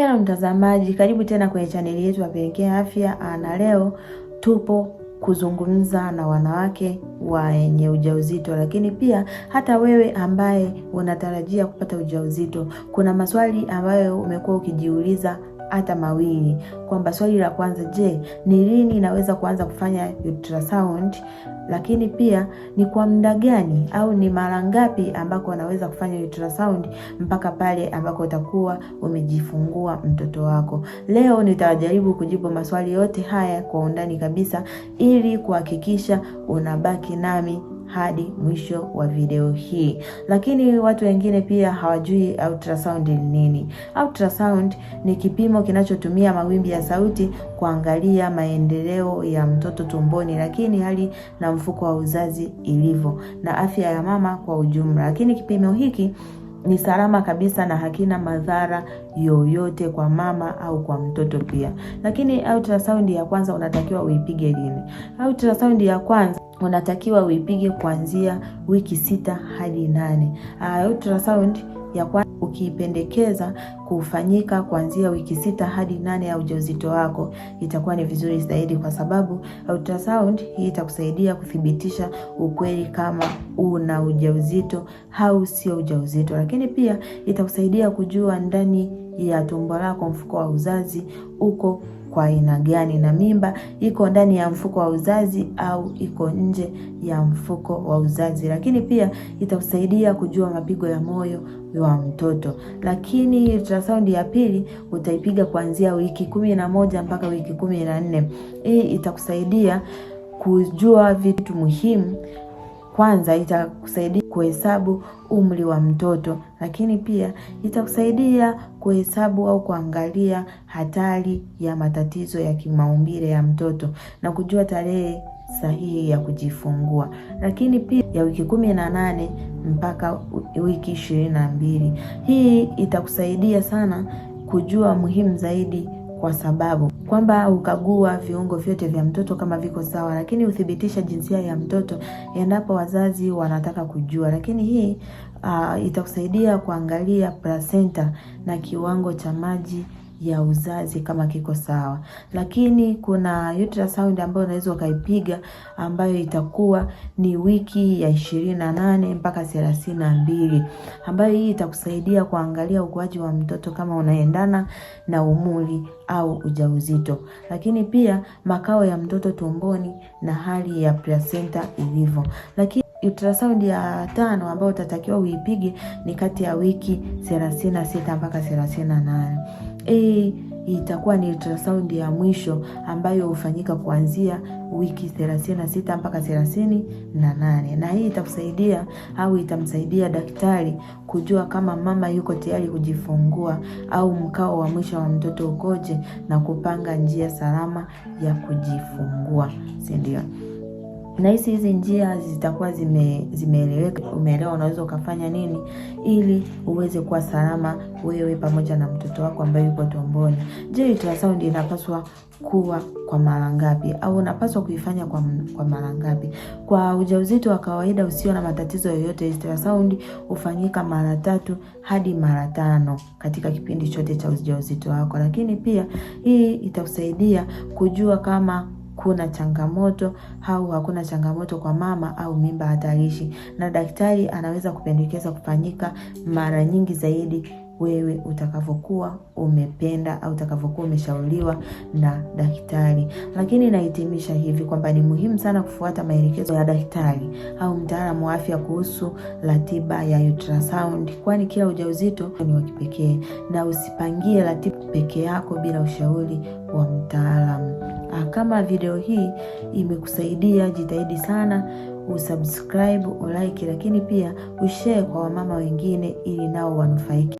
Hello mtazamaji, karibu tena kwenye chaneli yetu Wapelekee Afya, na leo tupo kuzungumza na wanawake wenye ujauzito, lakini pia hata wewe ambaye unatarajia kupata ujauzito, kuna maswali ambayo umekuwa ukijiuliza hata mawili, kwamba swali la kwanza, je, ni lini inaweza kuanza kufanya ultrasound? Lakini pia ni kwa muda gani au ni mara ngapi ambako anaweza kufanya ultrasound mpaka pale ambako utakuwa umejifungua mtoto wako. Leo nitajaribu kujibu maswali yote haya kwa undani kabisa, ili kuhakikisha unabaki nami hadi mwisho wa video hii. Lakini watu wengine pia hawajui ultrasound ni nini. Ultrasound ni kipimo kinachotumia mawimbi ya sauti kuangalia maendeleo ya mtoto tumboni, lakini hali na mfuko wa uzazi ilivyo na afya ya mama kwa ujumla. Lakini kipimo hiki ni salama kabisa na hakina madhara yoyote kwa mama au kwa mtoto pia. Lakini ultrasound ya kwanza unatakiwa uipige lini? Ultrasound ya kwanza unatakiwa uipige kuanzia wiki sita hadi nane. Ah, ultrasound ya kwa ukiipendekeza kufanyika kuanzia wiki sita hadi nane ya ujauzito wako itakuwa ni vizuri zaidi, kwa sababu ultrasound hii itakusaidia kuthibitisha ukweli kama una ujauzito au sio ujauzito, lakini pia itakusaidia kujua ndani ya tumbo lako, mfuko wa uzazi uko kwa aina gani, na mimba iko ndani ya mfuko wa uzazi au iko nje ya mfuko wa uzazi. Lakini pia itakusaidia kujua mapigo ya moyo wa mtoto. Lakini ultrasound ya pili utaipiga kuanzia wiki kumi na moja mpaka wiki kumi na nne. Hii itakusaidia kujua vitu muhimu kwanza itakusaidia kuhesabu umri wa mtoto, lakini pia itakusaidia kuhesabu au kuangalia hatari ya matatizo ya kimaumbile ya mtoto na kujua tarehe sahihi ya kujifungua, lakini pia ya wiki kumi na nane mpaka wiki ishirini na mbili. Hii itakusaidia sana kujua muhimu zaidi kwa sababu kwamba ukagua viungo vyote vya mtoto kama viko sawa, lakini huthibitisha jinsia ya mtoto endapo wazazi wanataka kujua. Lakini hii uh, itakusaidia kuangalia placenta na kiwango cha maji ya uzazi kama kiko sawa, lakini kuna ultrasound ambayo unaweza ukaipiga ambayo itakuwa ni wiki ya ishirini na nane mpaka thelathini na mbili ambayo hii itakusaidia kuangalia ukuaji wa mtoto kama unaendana na umuri au ujauzito, lakini pia makao ya mtoto tumboni na hali ya placenta ilivyo, lakini ultrasound ya tano ambayo utatakiwa uipige ni kati ya wiki thelathini na sita mpaka thelathini na nane. A itakuwa ni ultrasound ya mwisho ambayo hufanyika kuanzia wiki thelathini na sita mpaka thelathini na nane na hii itakusaidia au itamsaidia daktari kujua kama mama yuko tayari kujifungua au mkao wa mwisho wa mtoto ukoje na kupanga njia salama ya kujifungua, si ndio? Nahisi hizi njia zitakuwa zime, zimeeleweka. Umeelewa unaweza ukafanya nini ili uweze kuwa salama wewe pamoja na mtoto wako ambaye yuko tumboni. Je, ultrasound inapaswa kuwa kwa mara ngapi au unapaswa kuifanya kwa, kwa mara ngapi? Kwa ujauzito wa kawaida usio na matatizo yoyote, ultrasound hufanyika mara tatu hadi mara tano katika kipindi chote cha ujauzito wako, lakini pia hii itakusaidia kujua kama kuna changamoto au hakuna changamoto kwa mama au mimba hatarishi, na daktari anaweza kupendekeza kufanyika mara nyingi zaidi wewe utakavyokuwa umependa au utakavyokuwa umeshauriwa na daktari. Lakini nahitimisha hivi kwamba ni muhimu sana kufuata maelekezo ya daktari au mtaalamu wa afya kuhusu ratiba ya ultrasound, kwani kila ujauzito ni wa kipekee na usipangie ratiba peke yako bila ushauri wa mtaalamu. Ah, kama video hii imekusaidia, jitahidi sana usubscribe, ulike, lakini pia ushare kwa wamama wengine ili nao wanufaike.